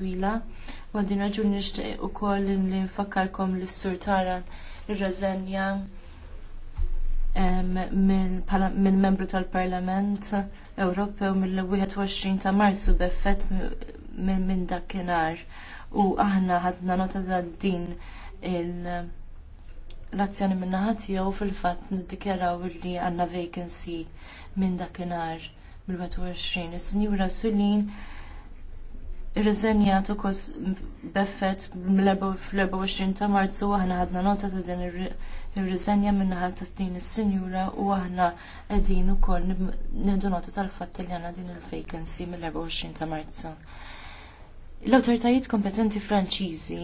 twila. Għal din raġuni nixtieq ukoll li nfakkarkom li s-sur Taran irreżenja minn membru tal-Parlament Ewropew mill-21 ta' Marsu b'effett minn dakkenar. dakinhar u aħna ħadna nota ta' din l-azzjoni min-naħa tiegħu fil-fatt niddikjaraw li għandna vacancy minn dakinhar mill-21. Is-Sinjura Sulin irriżenjat ukoll beffet fl-24 ta' Marzu aħna ħadna nota ta' din ir-riżenja min-naħa ta' din is senjura u aħna qegħdin ukoll nieħdu nota tal fat li għana din il-vacancy mill-24 ta' Marzu. L-awtoritajiet kompetenti Franċiżi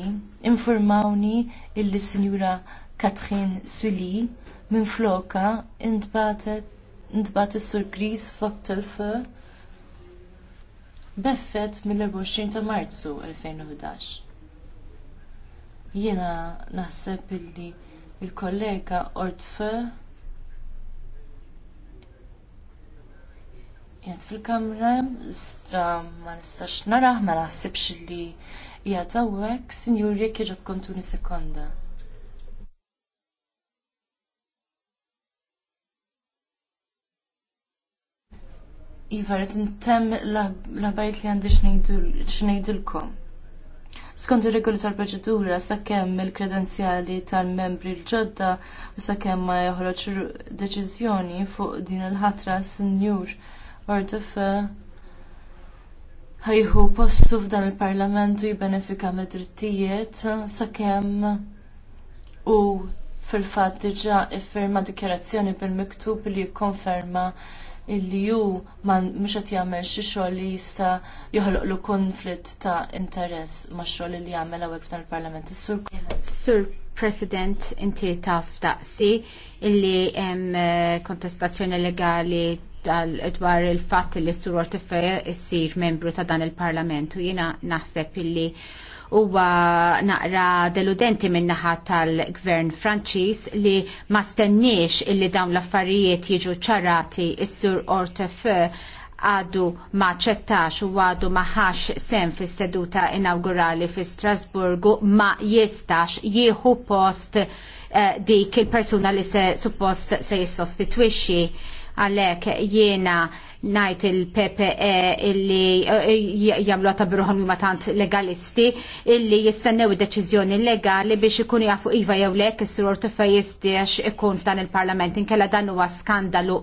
infurmawni illi sinjura Katrin Sully minn floka intbatet intbat is-Sur Gris Vogtelfe beffet mill-24 ta' Marzu 2011. Jiena naħseb illi l kollega Ortfe jgħat fil-kamra, sta ma nistax naraħ, ma naħsibx li jgħat għawek, sinjur jek kontuni sekonda. Iva, għet n l-ħabariet li għandi xnejdilkom. Skont ir-regoli tal-proċedura, sakemm il-kredenzjali tal-membri l-ġodda u sakemm ma joħroġ deċiżjoni fuq din il-ħatra sinjur Orduf uh, ħajħu postu f'dan il-parlament u jibbenefika me drittijiet sakemm u fil-fatt diġà iffirma dikjarazzjoni bil-miktub li jikkonferma illi ju man mhux qed jagħmel xi xogħol li jista' joħloqlu konflitt ta' interess ma' xoll li jagħmel għawek f'dan il-Parlament. Sur Sur President inti taf daqsi illi hemm eh, kontestazzjoni legali dwar il fat li s-suror tiffe issir membru ta' dan il-Parlament u jiena naħseb illi huwa naqra deludenti min-naħa tal-gvern Franċiż li ma stenniex illi dawn l-affarijiet jiġu ċarati is-sur Ortefe għadu ma ċettax u għadu ma ħax sem fis seduta inaugurali fi Strasburgu ma jistax jieħu post eh, dik il-persuna li se suppost se jissostitwixxi għalhekk jiena najt il-PPE illi eh, jamlu ta' bruħom ma tant legalisti illi jistennew id-deċizjoni legali biex ikun jafu iva jew lek is tuffa jistiex ikun f'dan il-parlament inkella dan huwa skandalu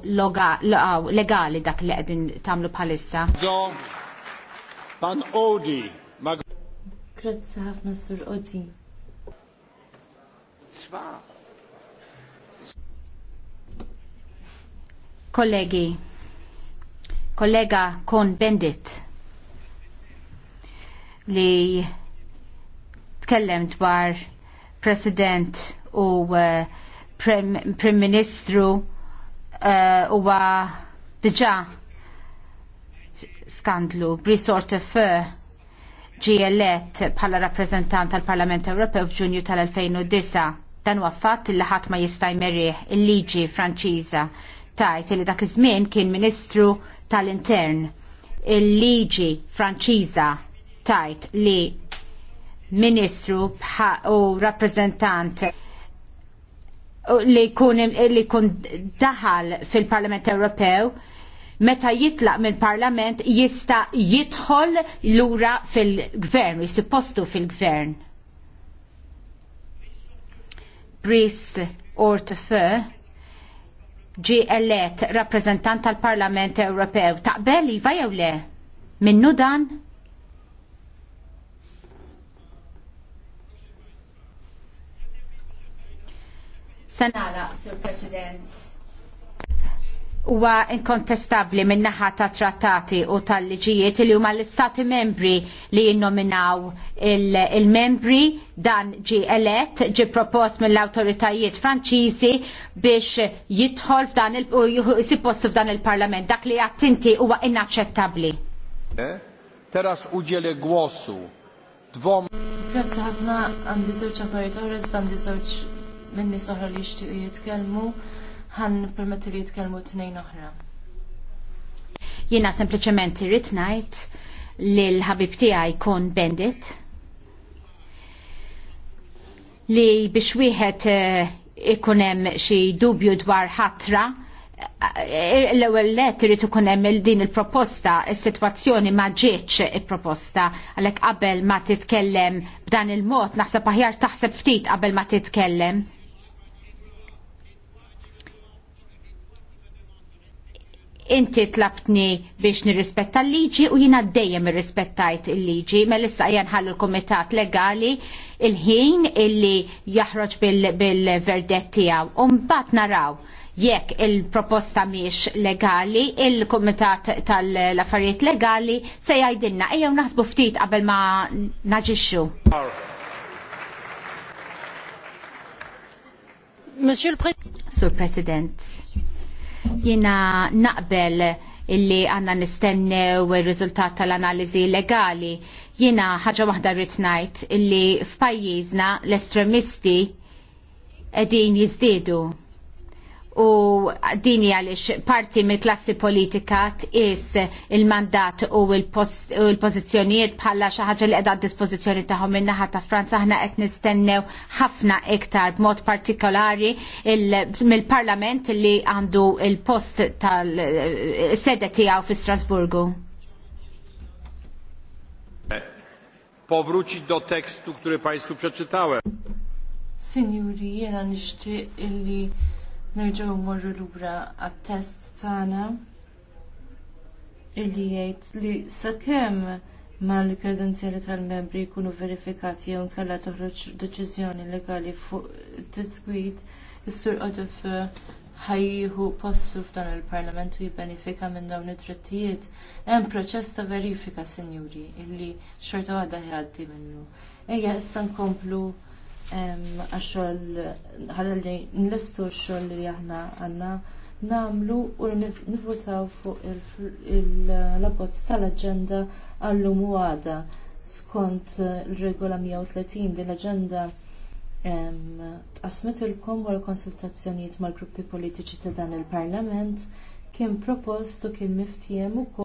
legali dak li qegħdin tagħmlu bħalissa. Pan Odi. Grazzi ħafna sur Odi. Kollegi, kollega Kon Bendit li tkellem dwar President u uh, Prim, Ministru uh, huwa wa dġa skandlu b'risort fur ġie elett bħala rappreżentant tal-Parlament Ewropew f'Ġunju tal-2009. Dan huwa fatt li ħadd ma jista' jmerrieħ il-liġi Franċiża tajt li dak iż-żmien kien Ministru tal-intern il-liġi Franċiża tajt li ministru u rappresentant li kun, li daħal fil-Parlament Ewropew meta jitlaq mill parlament jista jidħol lura fil-gvern, jisipostu fil-gvern. Brice Ortefe ġi elett rappreżentant tal-Parlament Ewropew. Taqbel iva jew le? Minnu dan? Sanala, Sur President huwa inkontestabbli min-naħa ta' trattati u tal-liġijiet li huma l-istati membri li jinnominaw il-membri dan ġi elett ġi propost mill-awtoritajiet Franċiżi biex jidħol f'dan il postu f'dan il-Parlament dak li għattinti huwa inaċċettabbli. Eh? Teraz uġiele głosu. Dvom. Grazzi ħafna għandi żewġ apparitori, għandi żewġ minni soħra li jixtiequ jitkellmu ħan permetti li jitkellmu tnejn oħra. Jiena sempliċement irrid ngħid li l-ħabib tiegħi jkun Bendit li biex wieħed eh, ikun hemm xi dubju dwar ħatra eh, l-ewwel let irid ikun hemm din il-proposta, is-sitwazzjoni ma ġietx il-proposta għalhekk qabel ma titkellem b'dan il-mod naħseb aħjar taħseb ftit qabel ma titkellem. inti tlabtni biex nirrispetta l-liġi u jina dejjem irrispettajt il-liġi. Melissa jen ħallu l-komitat legali il-ħin illi jaħroġ bil verdetti għaw. tijaw. Umbat naraw jekk il-proposta miex legali, il-komitat tal-affarijiet legali se jajdinna ejjew naħsbu ftit qabel ma naġixxu. Monsieur le Président. Sur President. Jiena naqbel illi għanna nistennew il-rizultat tal-analizi legali. Jiena ħaġa waħda rritnajt ngħid illi f'pajjiżna l-estremisti qegħdin jiżdiedu u dini għalix parti mill klassi politika tqis il-mandat u l pozizjoniet bħalla xi ħaġa li qiegħda dispożizzjoni tagħhom minnaħa ta' Franza aħna qed nistennew ħafna iktar b'mod partikolari mill-Parlament li għandu il-post tal-sede tiegħu fi Strasburgu. Powrócić do tekstu, który Państwu przeczytałem. Signori, jena nishti illi nerġgħu mmorru lura għat-test tagħna illi jgħid li sakemm ma l-kredenzjali tal-membri jkunu verifikati jew nkella toħroġ deċiżjoni legali fuq diskwit is-sur qodif ħajjieħu possu f'dan il-Parlament u jibbenifika minn dawn it-trittijiet, hemm proċess ta' verifika, sinjuri, illi xorta għadha ħaddi minnu. Ejja issa nkomplu għaxol ħalli nlestu xogħol li aħna għandna nagħmlu u nivvotaw fuq il-abbozz eh, tal-aġenda għallum u għada skont eh, il-regola 130 din l-aġenda tqasmet ilkom wara konsultazzjonijiet mal-gruppi politiċi ta' dan il-Parlament kien propost u kien miftijem ukoll